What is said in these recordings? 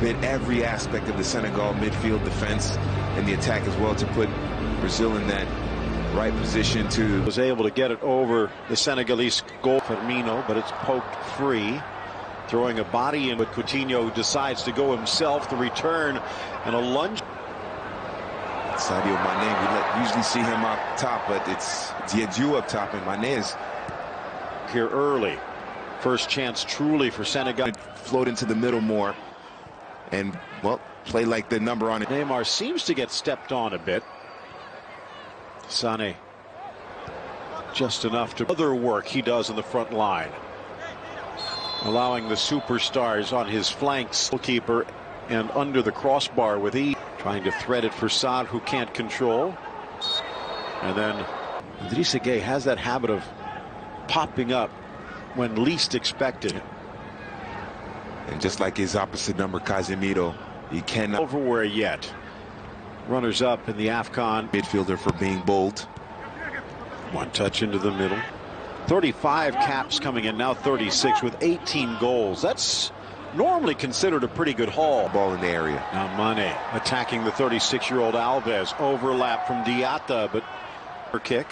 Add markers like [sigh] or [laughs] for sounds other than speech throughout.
bit every aspect of the Senegal midfield defense and the attack as well to put Brazil in that right position to was able to get it over the Senegalese goal Firmino but it's poked free throwing a body in but Coutinho decides to go himself the return and a lunge Sadio Mane we let, usually see him up top but it's Diadio up top and Mane is here early first chance truly for Senegal float into the middle more and, well, play like the number on it. Neymar seems to get stepped on a bit. Sonny, just enough to other work he does in the front line. Allowing the superstars on his flanks, goalkeeper and under the crossbar with E. Trying to thread it for Saad who can't control. And then Idrissa Gay has that habit of popping up when least expected. And just like his opposite number, Casemiro, he cannot overwear yet. Runners up in the AFCON. Midfielder for being bold. One touch into the middle. 35 caps coming in, now 36 with 18 goals. That's normally considered a pretty good haul. Ball in the area. Now Mane attacking the 36-year-old Alves. Overlap from Diatta, but her kick.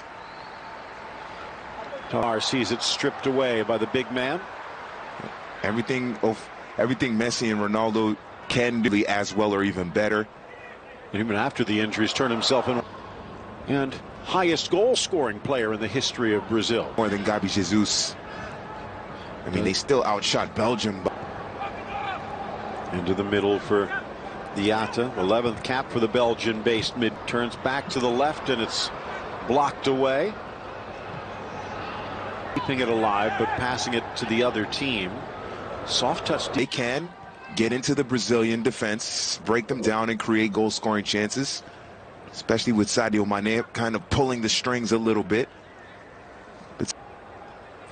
Tar sees it stripped away by the big man. Everything of everything Messi and Ronaldo can do as well or even better. And even after the injuries, turned himself in. And highest goal-scoring player in the history of Brazil. More than Gabi Jesus. I mean, they still outshot Belgium. Into the middle for Diata. 11th cap for the Belgian-based mid. Turns back to the left, and it's blocked away. Keeping it alive, but passing it to the other team soft touch. They can get into the Brazilian defense, break them down, and create goal scoring chances, especially with Sadio Mane kind of pulling the strings a little bit. But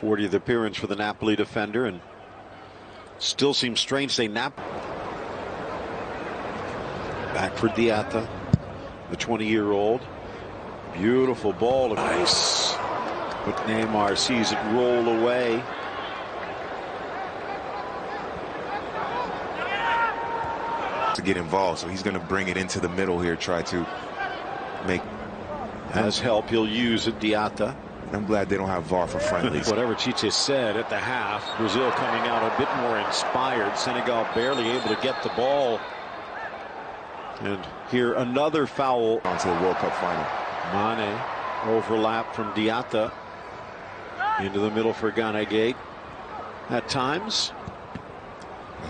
40th appearance for the Napoli defender, and still seems strange they nap. Back for Diatta, the 20 year old. Beautiful ball. Nice. But Neymar sees it roll away. to get involved. So he's going to bring it into the middle here, try to make. as help he'll use at Diatta. I'm glad they don't have VAR for friendlies. [laughs] Whatever Chiche said at the half, Brazil coming out a bit more inspired. Senegal barely able to get the ball. And here another foul. onto the World Cup final. Mane overlap from Diatta into the middle for Ghana Gate. At times,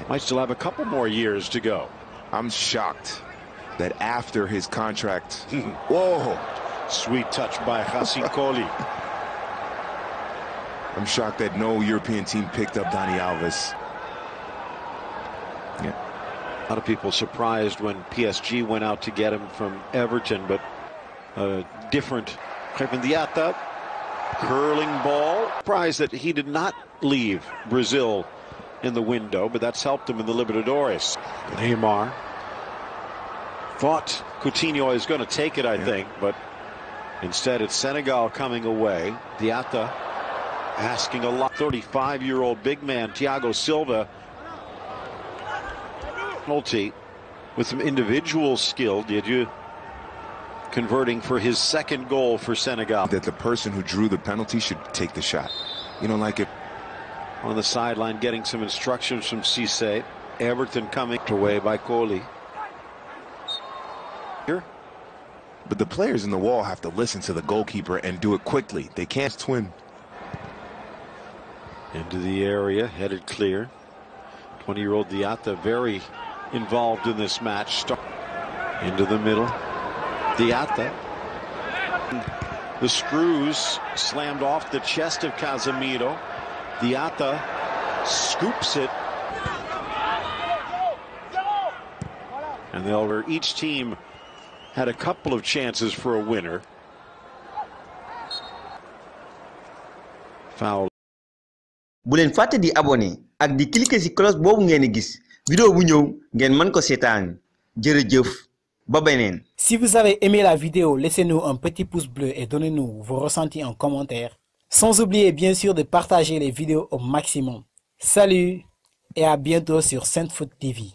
might still have a couple more years to go. I'm shocked that after his contract, [laughs] whoa. Sweet touch by Hassan [laughs] I'm shocked that no European team picked up Donny Alves. Yeah. A lot of people surprised when PSG went out to get him from Everton, but a different curling ball. Surprised that he did not leave Brazil in the window, but that's helped him in the Libertadores. Neymar thought Coutinho is going to take it, I yeah. think, but instead it's Senegal coming away. Diatta asking a lot. 35-year-old big man Thiago Silva penalty with some individual skill. Did you converting for his second goal for Senegal? That the person who drew the penalty should take the shot. You know, like if on the sideline getting some instructions from Cisse. Everton coming away by Coley. Here. But the players in the wall have to listen to the goalkeeper and do it quickly. They can't twin. Into the area, headed clear. 20-year-old Diatta very involved in this match. Start into the middle. Diatta. The screws slammed off the chest of Casemiro. Diatta scoops it. And they over each team had a couple of chances for a winner. Foul. bu leen fàtte di abonné ak di cliquer ci cloche boobu ngeen gis vidéo bu ñëw ngén man ko seetaan jërëjëf ba benen. si vous avez aimé la vidéo laissez-nous un petit pouce bleu et donnez-nous vos ressentis en commentaire. Sans oublier bien sûr de partager les vidéos au maximum. Salut et à bientôt sur Sainte foot TV.